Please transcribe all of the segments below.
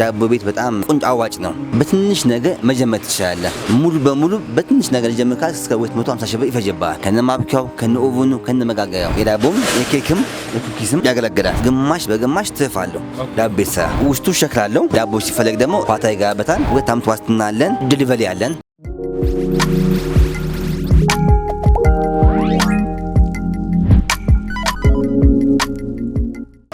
ዳቦ ቤት በጣም ቁንጭ አዋጭ ነው። በትንሽ ነገር መጀመር ትችላለህ። ሙሉ በሙሉ በትንሽ ነገር ጀምር ካልክ እስከ 250 ሺህ ብር ይፈጅብሃል። ከነ ማብኪያው፣ ከነ ኦቨኑ፣ ከነ መጋገሪያው የዳቦም የኬክም የኩኪስም ያገለግላል። ግማሽ በግማሽ አለው። ዳቦ ቤት ስራ ውስጡ ሸክላለው። ዳቦ ሲፈለግ ደግሞ ኳታ ይገባበታል። ሁለት ዋስትና አለን። ድልበል አለን።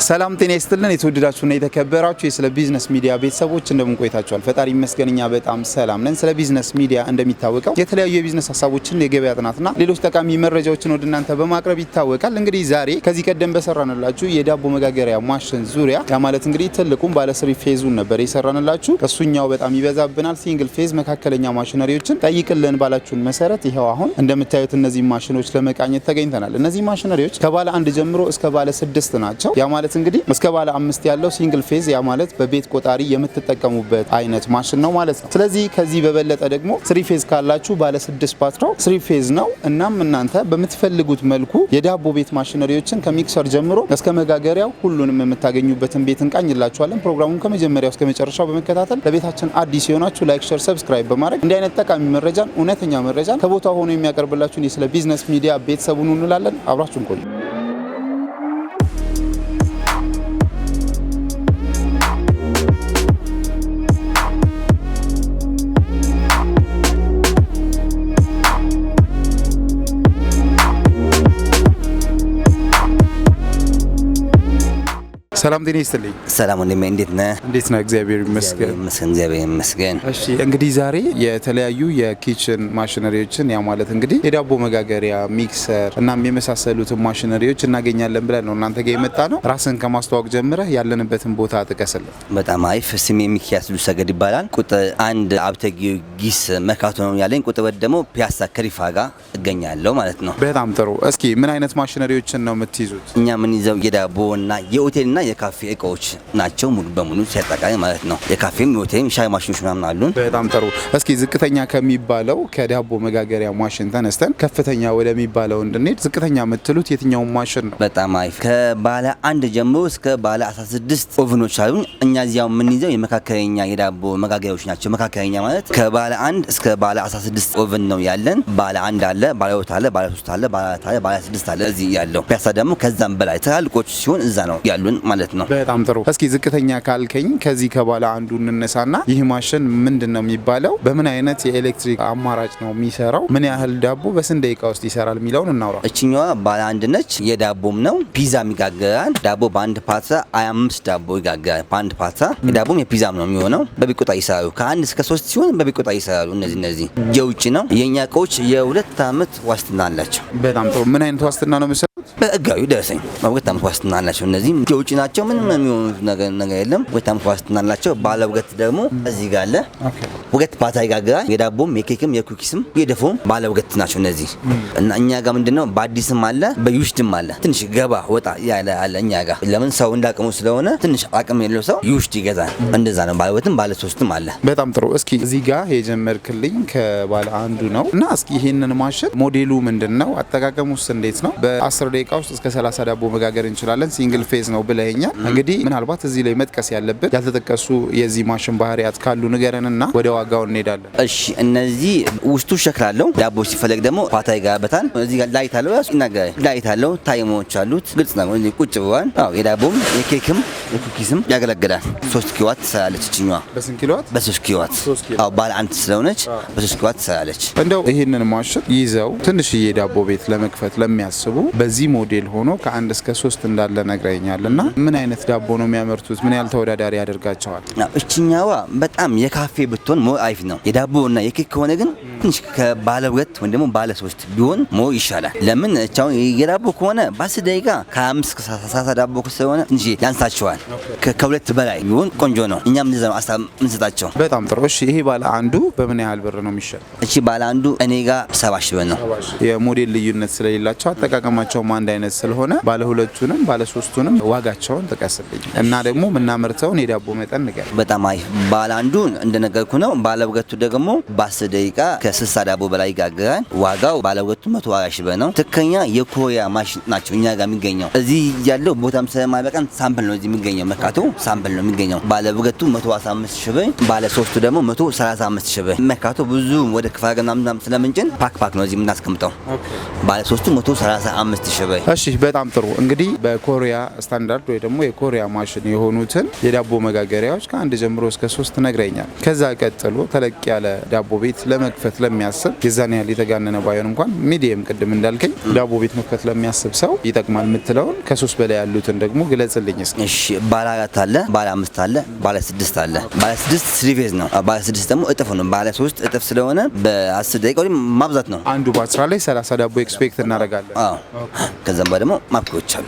ሰላም ጤና ይስጥልን። የተወደዳችሁና የተከበራችሁ የስለ ቢዝነስ ሚዲያ ቤተሰቦች እንደምን ቆይታችኋል? ፈጣሪ ይመስገን በጣም ሰላም ነን። ስለ ቢዝነስ ሚዲያ እንደሚታወቀው የተለያዩ የቢዝነስ ሀሳቦችን፣ የገበያ ጥናትና ሌሎች ጠቃሚ መረጃዎችን ወደ እናንተ በማቅረብ ይታወቃል። እንግዲህ ዛሬ ከዚህ ቀደም በሰራንላችሁ የዳቦ መጋገሪያ ማሽን ዙሪያ ያ ማለት እንግዲህ ትልቁም ባለስሪ ፌዙን ነበር የሰራንላችሁ። እሱኛው በጣም ይበዛብናል። ሲንግል ፌዝ፣ መካከለኛ ማሽነሪዎችን ጠይቅልን ባላችሁን መሰረት ይኸው አሁን እንደምታዩት እነዚህ ማሽኖች ለመቃኘት ተገኝተናል። እነዚህ ማሽነሪዎች ከባለ አንድ ጀምሮ እስከ ባለ ስድስት ናቸው። ያ ማለት ማለት እንግዲህ እስከ ባለ አምስት ያለው ሲንግል ፌዝ ያ ማለት በቤት ቆጣሪ የምትጠቀሙበት አይነት ማሽን ነው ማለት ነው። ስለዚህ ከዚህ በበለጠ ደግሞ ስሪ ፌዝ ካላችሁ ባለ ስድስት ፓትሮ ስሪ ፌዝ ነው። እናም እናንተ በምትፈልጉት መልኩ የዳቦ ቤት ማሽነሪዎችን ከሚክሰር ጀምሮ እስከ መጋገሪያው ሁሉንም የምታገኙበትን ቤት እንቃኝላችኋለን። ፕሮግራሙን ከመጀመሪያው እስከ መጨረሻው በመከታተል ለቤታችን አዲስ የሆናችሁ ላይክ፣ ሸር፣ ሰብስክራይብ በማድረግ እንዲህ አይነት ጠቃሚ መረጃን እውነተኛ መረጃን ከቦታ ሆኖ የሚያቀርብላችሁን የስለ ቢዝነስ ሚዲያ ቤተሰቡን እንላለን። አብራችሁን ቆዩ። ሰላም ጤና ይስጥልኝ። ሰላም ወንድሜ እንዴት ነህ? እንዴት ነህ? እግዚአብሔር ይመስገን እግዚአብሔር ይመስገን። እሺ እንግዲህ ዛሬ የተለያዩ የኪችን ማሽነሪዎችን ያ ማለት እንግዲህ የዳቦ መጋገሪያ፣ ሚክሰር እና የመሳሰሉትን ማሽነሪዎች እናገኛለን ብለን ነው እናንተ ጋር የመጣ ነው። ራስን ከማስተዋወቅ ጀምረህ ያለንበትን ቦታ ጥቀስልን። በጣም አሪፍ። ስሜ ሚኪያስ ሉሰገድ ይባላል። ቁጥር አንድ አብተ ጊዮርጊስ መካቶ ነው ያለኝ። ቁጥር ሁለት ደግሞ ፒያሳ ከሪፋ ጋር እገኛለሁ ማለት ነው። በጣም ጥሩ። እስኪ ምን አይነት ማሽነሪዎችን ነው የምትይዙት? እኛ ምን ይዘው የዳቦ እና የሆቴል እና የካፌ እቃዎች ናቸው ሙሉ በሙሉ ሲያጠቃኝ ማለት ነው። የካፌም ሆቴልም ሻይ ማሽኖች ምናምን አሉን። በጣም ጥሩ። እስኪ ዝቅተኛ ከሚባለው ከዳቦ መጋገሪያ ማሽን ተነስተን ከፍተኛ ወደሚባለው እንድንሄድ ዝቅተኛ የምትሉት የትኛውን ማሽን ነው? በጣም አሪፍ። ከባለ አንድ ጀምሮ እስከ ባለ 16 ኦቭኖች አሉን። እኛ እዚያው የምንይዘው የመካከለኛ የዳቦ መጋገሪያዎች ናቸው። መካከለኛ ማለት ከባለ አንድ እስከ ባለ 16 ኦቭን ነው ያለን። ባለ አንድ አለ፣ ባለ ሁለት አለ፣ ባለ ሶስት አለ፣ ባለ አራት አለ፣ ባለ ስድስት አለ። እዚህ ያለው ፒያሳ ደግሞ ከዛም በላይ ትላልቆች ሲሆን እዛ ነው ያሉን ማለት ማለት ነው። በጣም ጥሩ። እስኪ ዝቅተኛ ካልከኝ ከዚህ ከባለ አንዱ እንነሳና ይህ ማሽን ምንድን ነው የሚባለው? በምን አይነት የኤሌክትሪክ አማራጭ ነው የሚሰራው? ምን ያህል ዳቦ በስንት ደቂቃ ውስጥ ይሰራል የሚለውን እናውራ። እችኛዋ ባለ አንድ ነች። የዳቦም ነው ፒዛም ይጋገራል። ዳቦ በአንድ ፓትራ ሃያ አምስት ዳቦ ይጋገራል። በአንድ ፓትራ የዳቦም የፒዛም ነው የሚሆነው። በቢቆጣ ይሰራሉ። ከአንድ እስከ ሶስት ሲሆን በቢቆጣ ይሰራሉ። እነዚህ እነዚህ የውጭ ነው። የእኛ እቃዎች የሁለት ዓመት ዋስትና አላቸው። በጣም ጥሩ። ምን አይነት ዋስትና ነው ያደረጉት በህጋዊ ደረሰኝ መብገት ታምክ ዋስትና አላቸው። የውጭ ናቸው። ምንም የሚሆኑት ነገር የለም። ወገት ታምክ ዋስትና አላቸው። ባለ ውገት ደግሞ እዚህ ጋር አለ። ወገት ፓታ ይጋግራል። የዳቦም የኬክም የኩኪስም የደፎም ባለ ውገት ናቸው እነዚህ እና እኛ ጋር ምንድነው በአዲስም አለ በዩሽድም አለ። ትንሽ ገባ ወጣ ያለ አለ እኛ ጋር ለምን ሰው እንዳቅሙ ስለሆነ ትንሽ አቅም የለው ሰው ዩሽድ ይገዛል። እንደዛ ነው። ባለውገትም ባለ ሶስትም አለ። በጣም ጥሩ። እስኪ እዚህ ጋር የጀመርክልኝ ከባለ አንዱ ነው እና እስኪ ይህንን ማሽን ሞዴሉ ምንድን ነው? አጠቃቀሙስ እንዴት ነው? በአስር ደቂቃ ውስጥ እስከ 30 ዳቦ መጋገር እንችላለን ሲንግል ፌዝ ነው ብለኛል። እንግዲህ ምናልባት እዚህ ላይ መጥቀስ ያለብን ያልተጠቀሱ የዚህ ማሽን ባህሪያት ካሉ ንገረንና ወደ ዋጋው እንሄዳለን። እሺ፣ እነዚህ ውስጡ ሸክላ አለው። ዳቦ ሲፈለግ ደግሞ ፓታ ይጋበታል። እዚህ ጋር ላይት አለው፣ ያሱ ይናገራል። ላይት አለው፣ ታይሞች አሉት። ግልጽ ነው። ቁጭ ብዋን የዳቦም የኬክም የኩኪስም ያገለግላል። ሶስት ኪዋት ትሰራለች። እችኛዋ በስንት ኪዋት? በሶስት ኪዋት። አዎ ባለ አንድ ስለሆነች በሶስት ኪዋት ትሰራለች። እንደው ይህንን ማሽን ይዘው ትንሽዬ ዳቦ ቤት ለመክፈት ለሚያስቡ በዚህ በዚህ ሞዴል ሆኖ ከአንድ እስከ ሶስት እንዳለ ነግረኛል። እና ምን አይነት ዳቦ ነው የሚያመርቱት? ምን ያህል ተወዳዳሪ ያደርጋቸዋል? እችኛዋ በጣም የካፌ ብትሆን ሞ አይፍ ነው። የዳቦ እና የኬክ ከሆነ ግን ትንሽ ከባለ ሁለት ወይም ደግሞ ባለ ሶስት ቢሆን ሞ ይሻላል። ለምን እቻሁን የዳቦ ከሆነ በአስ ደቂቃ ከአምስት ከሳሳ ዳቦ ስለሆነ ትንሽ ያንሳቸዋል። ከሁለት በላይ ቢሆን ቆንጆ ነው። እኛም እንደዛ ነው ሀሳብ በጣም ጥሩ። እሺ ይሄ ባለ አንዱ በምን ያህል ብር ነው የሚሸጥ? እቺ ባለ አንዱ እኔ ጋር ሰባ ሺህ ብር ነው። የሞዴል ልዩነት ስለሌላቸው አጠቃቀማቸው አንድ አይነት ስለሆነ ባለ ሁለቱንም ባለ ሶስቱንም ዋጋቸውን ጥቀስልኝ እና ደግሞ የምናመርተውን የዳቦ መጠን ንገር። በጣም አሪፍ። ባለ አንዱ እንደነገርኩ ነው። ባለ ሁለቱ ደግሞ በአስር ደቂቃ ከስልሳ ዳቦ በላይ ይጋግራል። ዋጋው ባለ ሁለቱ መቶ ሃያ ሺህ ነው። ትክክለኛ የኮሪያ ማሽን ናቸው እኛ ጋር የሚገኘው እዚህ ያለው ቦታም ስለማይበቃን ሳምፕል ነው እዚህ የሚገኘው መርካቶ ሳምፕል ነው የሚገኘው። ባለ ሁለቱ መቶ አስራ አምስት ሺህ ባለ ሶስቱ ደግሞ መቶ ሰላሳ አምስት ሺህ መካቶ ብዙ ወደ ክፍለ ስለምንጭን ፓክ ፓክ ነው እዚህ የምናስቀምጠው። ባለ ሶስቱ መቶ ሰላሳ አምስት ሺህ በይ። እሺ በጣም ጥሩ እንግዲህ በኮሪያ ስታንዳርድ ወይ ደግሞ የኮሪያ ማሽን የሆኑትን የዳቦ መጋገሪያዎች ከአንድ ጀምሮ እስከ ሶስት ነግረኛል። ከዛ ቀጥሎ ተለቅ ያለ ዳቦ ቤት ለመክፈት ለሚያስብ የዛን ያህል የተጋነነ ባይሆን እንኳን ሚዲየም ቅድም እንዳልከኝ ዳቦ ቤት መክፈት ለሚያስብ ሰው ይጠቅማል የምትለውን ከሶስት በላይ ያሉትን ደግሞ ግለጽልኝ እስኪ። እሺ ባለ አራት አለ፣ ባለ አምስት አለ፣ ባለ ስድስት አለ። ባለ ስድስት ስሪፌዝ ነው። ባለ ስድስት ደግሞ እጥፍ ነው። ባለ ሶስት እጥፍ ስለሆነ በአስር ደቂቃ ማብዛት ነው። አንዱ በአስራ ላይ ሰላሳ ዳቦ ኤክስፔክት እናደርጋለን። ከዛም ባ ደግሞ ማፕኮች አሉ።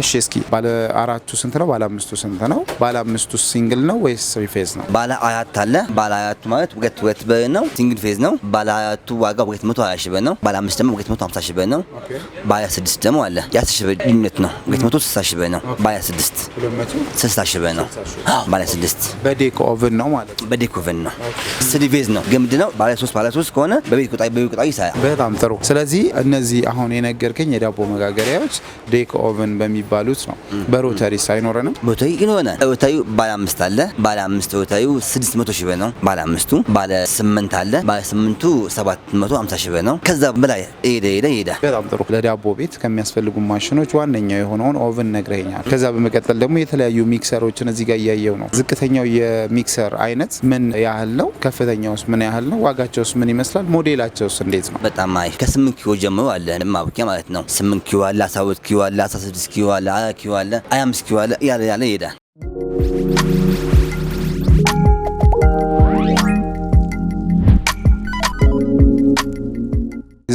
እሺ እስኪ ባለ አራቱ ስንት ነው? ባለ አምስቱ ስንት ነው? ባለ አምስቱ ሲንግል ነው ወይስ ፌዝ ነው? ባለ አራት አለ። ባለ አራቱ ማለት ሁለት ሁለት ብር ነው፣ ሲንግል ፌዝ ነው። ባለ አራቱ ዋጋ ሁለት መቶ ሀያ ሺህ ብር ነው። ባለ አምስት ደግሞ ሁለት መቶ ሀምሳ ሺህ ብር ነው። ባለ ስድስት ደግሞ አለ። የአስር ሺህ ብር ልዩነት ነው። ሁለት መቶ ስልሳ ሺህ ብር ነው። ባለ ስድስት ስልሳ ሺህ ብር ነው። ባለ ስድስት በዴክ ኦቨን ነው ማለት ነው። በዴክ ኦቨን ነው። ስሪ ፌዝ ነው። ገምድ ነው። ባለ ሶስት ባለ ሶስት ከሆነ በቤት ቁጣ በቤት ቁጣ ይሰራል። በጣም ጥሩ። ስለዚህ እነዚህ አሁን የነገርከኝ የዳቦ የዳቦ መጋገሪያዎች ዴክ ኦቨን በሚባሉት ነው። በሮተሪ ሳይኖረንም ሮተሪ ይኖረናል። ሮተሪ ባለ አምስት አለ። ባለ አምስት ሮተሪ ስድስት መቶ ሺህ ብር ነው። ባለ አምስቱ ባለ ስምንት አለ። ባለ ስምንቱ ሰባት መቶ ሀምሳ ሺህ ብር ነው። ከዛ በላይ ሄደ ሄደ ሄደ። በጣም ጥሩ። ለዳቦ ቤት ከሚያስፈልጉ ማሽኖች ዋነኛው የሆነውን ኦቨን ነግረኛል። ከዛ በመቀጠል ደግሞ የተለያዩ ሚክሰሮችን እዚህ ጋር እያየው ነው። ዝቅተኛው የሚክሰር አይነት ምን ያህል ነው? ከፍተኛውስ ምን ያህል ነው? ዋጋቸውስ ምን ይመስላል? ሞዴላቸውስ እንዴት ነው? በጣም አይ ከስምንት ኪሎ ጀምሮ አለ ማብኪያ ማለት ነው منك ولا سويت كي ولا سويت كي ولا على كي ولا يلا يلا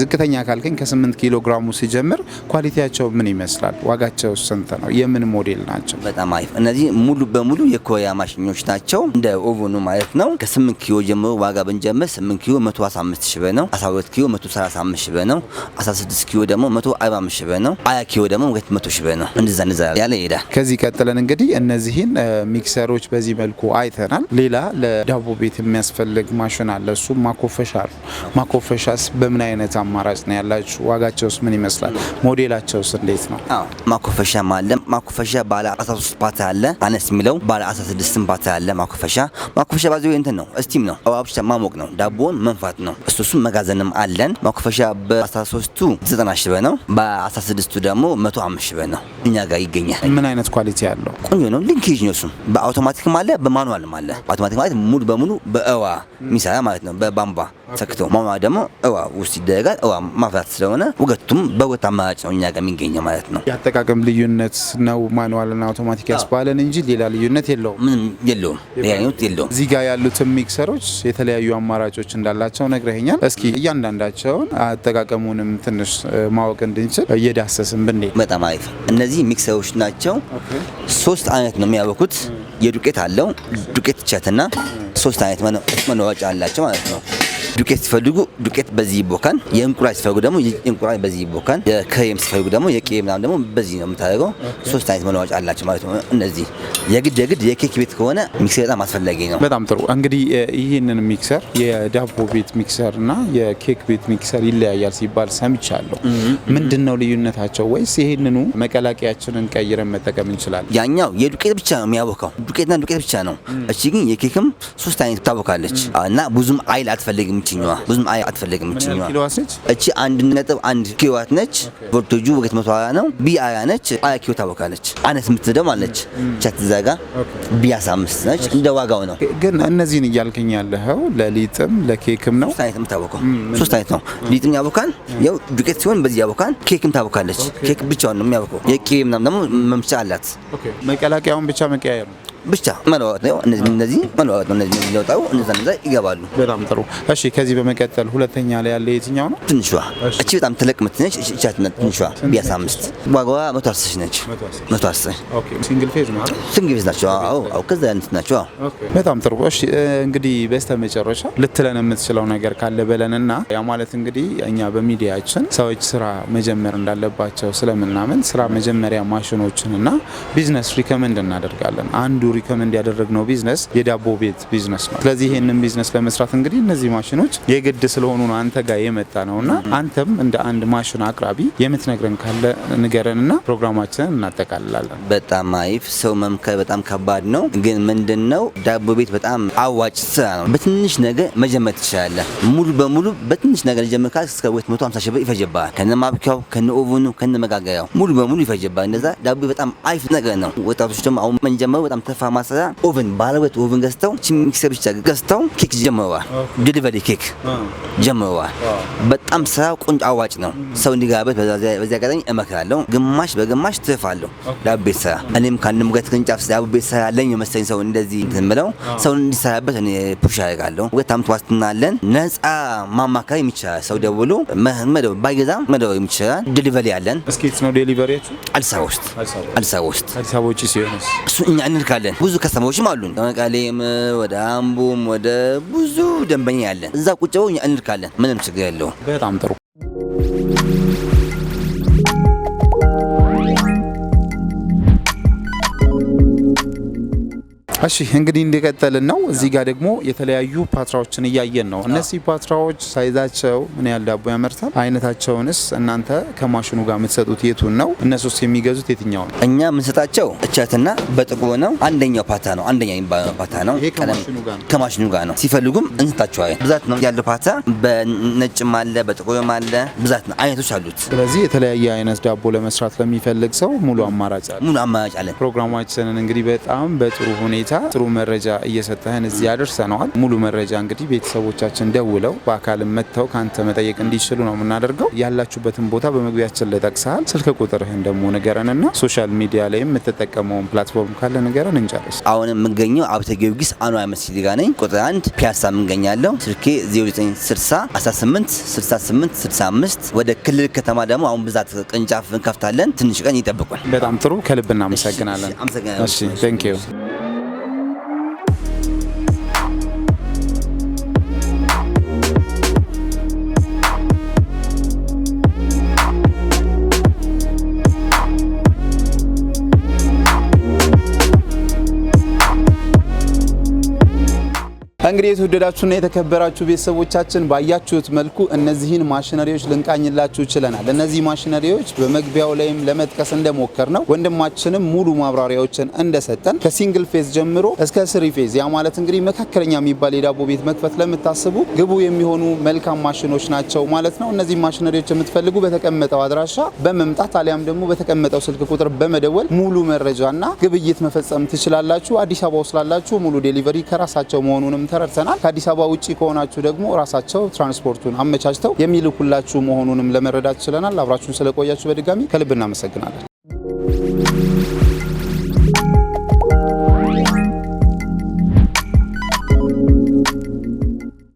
ዝቅተኛ ካልከኝ ከ8 ኪሎ ግራሙ ሲጀምር ኳሊቲያቸው ምን ይመስላል? ዋጋቸው ስንት ነው? የምን ሞዴል ናቸው? በጣም አሪፍ። እነዚህ ሙሉ በሙሉ የኮሪያ ማሽኞች ናቸው፣ እንደ ኦቨኑ ማለት ነው። ከ8 ኪሎ ጀምሮ ዋጋ ብንጀምር 8 ኪሎ 115 ሺህ ብር ነው። 12 ኪሎ 135 ሺህ ብር ነው። 16 ኪሎ ደግሞ 145 ሺህ ብር ነው። 20 ኪሎ ደግሞ 200 ሺህ ብር ነው። እንደዛ እንደዛ ያለ ይሄዳል። ከዚህ ቀጥለን እንግዲህ እነዚህን ሚክሰሮች በዚህ መልኩ አይተናል። ሌላ ለዳቦ ቤት የሚያስፈልግ ማሽን አለ። እሱ ማኮፈሻ ነው። ማኮፈሻስ በምን አይነት አማራጭ ነው ያላችሁ? ዋጋቸውስ ምን ይመስላል? ሞዴላቸውስ እንዴት ነው? አዎ ማኮፈሻም አለ። ማኮፈሻ ባለ 13 ፓታ አለ፣ አነስ የሚለው ባለ 16 ፓታ አለ። ማኮፈሻ ማኮፈሻ ባዚ እንትን ነው፣ ስቲም ነው፣ ውሃ ብቻ ማሞቅ ነው፣ ዳቦን መንፋት ነው። እሱሱም መጋዘንም አለን። ማኮፈሻ በ13ቱ 90 ሺህ ብር ነው፣ በ16ቱ ደግሞ 105 ሺህ ብር ነው። እኛ ጋር ይገኛል። ምን አይነት ኳሊቲ ያለው ቆንጆ ነው። ሊንኬጅ ነው እሱም በአውቶማቲክም አለ በማኑዋልም አለ። አውቶማቲክ ማለት ሙሉ በሙሉ በእዋ የሚሰራ ማለት ነው፣ በባምባ ሰክቶ ማኑዋል ደግሞ እዋ ውስጥ ይደረጋል። እዋም ማፍራት ስለሆነ ውገቱም በሁለት አማራጭ ነው እኛ ጋር የሚገኘው ማለት ነው። የአጠቃቀም ልዩነት ነው ማኑዋልና አውቶማቲክ ያስባለን እንጂ ሌላ ልዩነት የለውም። ምንም የለውም፣ ሊያዩት የለውም። እዚህ ጋር ያሉትን ሚክሰሮች የተለያዩ አማራጮች እንዳላቸው ነግረኛል። እስኪ እያንዳንዳቸውን አጠቃቀሙንም ትንሽ ማወቅ እንድንችል እየዳሰስን ብንሄድ በጣም አሪፍ። እነዚህ ሚክሰሮች ናቸው። ሶስት አይነት ነው የሚያበኩት። የዱቄት አለው ዱቄት እቸትና ሶስት አይነት መኖራጫ አላቸው ማለት ነው። ዱቄት ሲፈልጉ ዱቄት በዚህ ይቦካል የእንቁላል ሲፈልጉ ደግሞ እንቁላል በዚህ ይቦካል የክሬም ሲፈልጉ ደግሞ የቄም ምናምን ደግሞ በዚህ ነው የምታደርገው። ሶስት አይነት መለዋወጫ አላቸው ማለት ነው። እነዚህ የግድ የግድ የኬክ ቤት ከሆነ ሚክሰር በጣም አስፈላጊ ነው። በጣም ጥሩ። እንግዲህ ይህንን ሚክሰር የዳቦ ቤት ሚክሰር እና የኬክ ቤት ሚክሰር ይለያያል ሲባል ሰምቻለሁ። ምንድን ነው ልዩነታቸው? ወይስ ይህንኑ መቀላቀያችንን ቀይረን መጠቀም እንችላለን? ያኛው የዱቄት ብቻ ነው የሚያቦካው፣ ዱቄትና ዱቄት ብቻ ነው። እቺ ግን የኬክም ሶስት አይነት ታቦካለች እና ብዙም አይል አትፈልግም እችኛዋ ብዙም አይ አትፈልግም። እችኛዋ እቺ አንድ ነጥብ አንድ ኪዋት ነች። ቮልቴጁ ወገት መቶ ሀያ ነው። ቢ አያ ነች። አያ ኪዮ ታወቃለች። አነስ የምትደም አለች። ቻት ዛጋ ቢ አስራ አምስት ነች። እንደ ዋጋው ነው። ግን እነዚህን እያልክኝ ያለኸው ለሊጥም ለኬክም ነው። ሶስት አይነት የምታወቀው ሶስት አይነት ነው። ሊጥም ያቦካል፣ ያው ዱቄት ሲሆን በዚህ ያቦካል። ኬክም ታቦካለች። ኬክ ብቻውን ነው የሚያቦከው። የቅቤ ምናምን ደግሞ መምቻ አላት። መቀላቀያውን ብቻ መቀያየር ነው ብቻ መለዋወጥ ነው። እነዚህ እነዚህ መለዋወጥ ነው። እነዚህ ይወጣው እነዛ እነዛ ይገባሉ። በጣም ጥሩ። እሺ፣ ከዚህ በመቀጠል ሁለተኛ ላይ ያለ የትኛው ነው? ትንሿ እቺ በጣም ትልቅ ምትነች። እቻት ነው ትንሿ ቢያሳ አምስት ዋጋዋ መቶ አስር ሺህ ነች። መቶ አስር ኦኬ። ሲንግል ፌዝ ነው አይደል? ሲንግል ፌዝ ናቸው። አዎ፣ አዎ። ከዛ እንትን ናቸው። አዎ፣ በጣም ጥሩ። እሺ፣ እንግዲህ በስተ መጨረሻ ልትለን የምትችለው ነገር ካለ በለንና ያ ማለት እንግዲህ እኛ በሚዲያችን ሰዎች ስራ መጀመር እንዳለባቸው ስለምናምን ስራ መጀመሪያ ማሽኖችንና ቢዝነስ ሪከመንድ እናደርጋለን አንዱ ሪከመንድ ያደረግነው ቢዝነስ የዳቦ ቤት ቢዝነስ ነው። ስለዚህ ይህንን ቢዝነስ ለመስራት እንግዲህ እነዚህ ማሽኖች የግድ ስለሆኑ ነው አንተ ጋር የመጣ ነው እና አንተም እንደ አንድ ማሽን አቅራቢ የምትነግረን ካለ ንገረን እና ፕሮግራማችንን እናጠቃልላለን። በጣም አይፍ ሰው መምከር በጣም ከባድ ነው፣ ግን ምንድን ነው ዳቦ ቤት በጣም አዋጭ ስራ ነው። በትንሽ ነገር መጀመር ትችላለህ። ሙሉ በሙሉ በትንሽ ነገር ጀምር ካል እስከ 250 ሺህ ብር ይፈጅብሃል። ከነ ማብኪያው ከነ ኦቨኑ ከነ መጋገሪያው ሙሉ በሙሉ ይፈጅብሃል። እንደዛ ዳቦ በጣም አይፍ ነገር ነው። ወጣቶች ደግሞ አሁን መንጀመሩ በጣም ተፋ ፋማስና ኦቨን ባለቤት ገዝተው ሚክሰር ብቻ ገዝተው ኬክ ጀምረዋል። ዲሊቨሪ ኬክ ጀምረዋል። በጣም ስራ ቆንጆ አዋጭ ነው። ሰው እንዲገባበት በዚህ አጋጣሚ እመክራለሁ። ግማሽ በግማሽ ትርፋለሁ። ዳቦ ቤት ስራ እኔም ከአንድም ጋር ቅርንጫፍ ዳቦ ቤት ስራ አለኝ የመሰለኝ ሰው እንደዚህ ምለው ሰው እንዲሰራበት እኔ ፑሽ ያደርጋለሁ። ሁለት ዓመት ዋስትና አለን። ነፃ ማማከር የሚችላል ሰው ደውሎ መደወል ባይገዛም መደወል የሚችላል። ዴሊቨሪ አለን። እስኬት ነው ዴሊቨሪያችሁ? አዲስ አበባ ውስጥ አዲስ አበባ ውስጥ አዲስ አበባ ውጭ ሲሆን እሱ እኛ እንልካለን። ብዙ ከተማዎችም አሉን። ከመቀሌም ወደ አምቦም ወደ ብዙ ደንበኛ ያለን እዛ ቁጭ ብለው እኛ እንልካለን። ምንም ችግር የለውም። там-то እሺ እንግዲህ እንደቀጠልን ነው። እዚህ ጋር ደግሞ የተለያዩ ፓትራዎችን እያየን ነው። እነዚህ ፓትራዎች ሳይዛቸው ምን ያህል ዳቦ ያመርታል? አይነታቸውንስ እናንተ ከማሽኑ ጋር የምትሰጡት የቱን ነው? እነሱስ የሚገዙት የትኛው ነው? እኛ የምንሰጣቸው እቻትና በጥቁ ነው። አንደኛው ፓታ ነው፣ አንደኛ የሚባለው ፓታ ነው። ከማሽኑ ጋር ነው። ሲፈልጉም እንሰጣቸዋለን። ብዛት ነው ያለው ፓታ። በነጭም አለ በጥቁርም አለ፣ ብዛት ነው፣ አይነቶች አሉት። ስለዚህ የተለያየ አይነት ዳቦ ለመስራት ለሚፈልግ ሰው ሙሉ አማራጭ አለ፣ ሙሉ አማራጭ አለ። ፕሮግራማችንን እንግዲህ በጣም በጥሩ ሁኔታ ጥሩ መረጃ እየሰጠህን እዚህ ያደርሰነዋል። ሙሉ መረጃ እንግዲህ ቤተሰቦቻችን ደውለው በአካልም መጥተው ከአንተ መጠየቅ እንዲችሉ ነው የምናደርገው። ያላችሁበትን ቦታ በመግቢያችን ላይ ጠቅሰሃል። ስልክ ቁጥርህን ደግሞ ንገረንና ሶሻል ሚዲያ ላይ የምትጠቀመውን ፕላትፎርም ካለ ንገረን እንጨርስ። አሁን የምገኘው አብተ ጊዮርጊስ አኗመስ ጋ ነኝ። ቁጥር አንድ ፒያሳ የምገኛለው። ስልኬ 0960 18 68 65። ወደ ክልል ከተማ ደግሞ አሁን ብዛት ቅርንጫፍ እንከፍታለን። ትንሽ ቀን ይጠብቁን። በጣም ጥሩ ከልብ እናመሰግናለን። አመሰግናለን። ዩ። እንግዲህ የተወደዳችሁና የተከበራችሁ ቤተሰቦቻችን ባያችሁት መልኩ እነዚህን ማሽነሪዎች ልንቃኝላችሁ ችለናል። እነዚህ ማሽነሪዎች በመግቢያው ላይም ለመጥቀስ እንደሞከር ነው ወንድማችንም ሙሉ ማብራሪያዎችን እንደሰጠን ከሲንግል ፌዝ ጀምሮ እስከ ስሪ ፌዝ ያ ማለት እንግዲህ መካከለኛ የሚባል የዳቦ ቤት መክፈት ለምታስቡ ግቡ የሚሆኑ መልካም ማሽኖች ናቸው ማለት ነው። እነዚህ ማሽነሪዎች የምትፈልጉ በተቀመጠው አድራሻ በመምጣት አሊያም ደግሞ በተቀመጠው ስልክ ቁጥር በመደወል ሙሉ መረጃና ግብይት መፈጸም ትችላላችሁ። አዲስ አበባ ውስጥ ላላችሁ ሙሉ ዴሊቨሪ ከራሳቸው መሆኑንም ተረ ተረድተናል። ከአዲስ አበባ ውጭ ከሆናችሁ ደግሞ ራሳቸው ትራንስፖርቱን አመቻችተው የሚልኩላችሁ መሆኑንም ለመረዳት ችለናል። አብራችሁን ስለቆያችሁ በድጋሚ ከልብ እናመሰግናለን።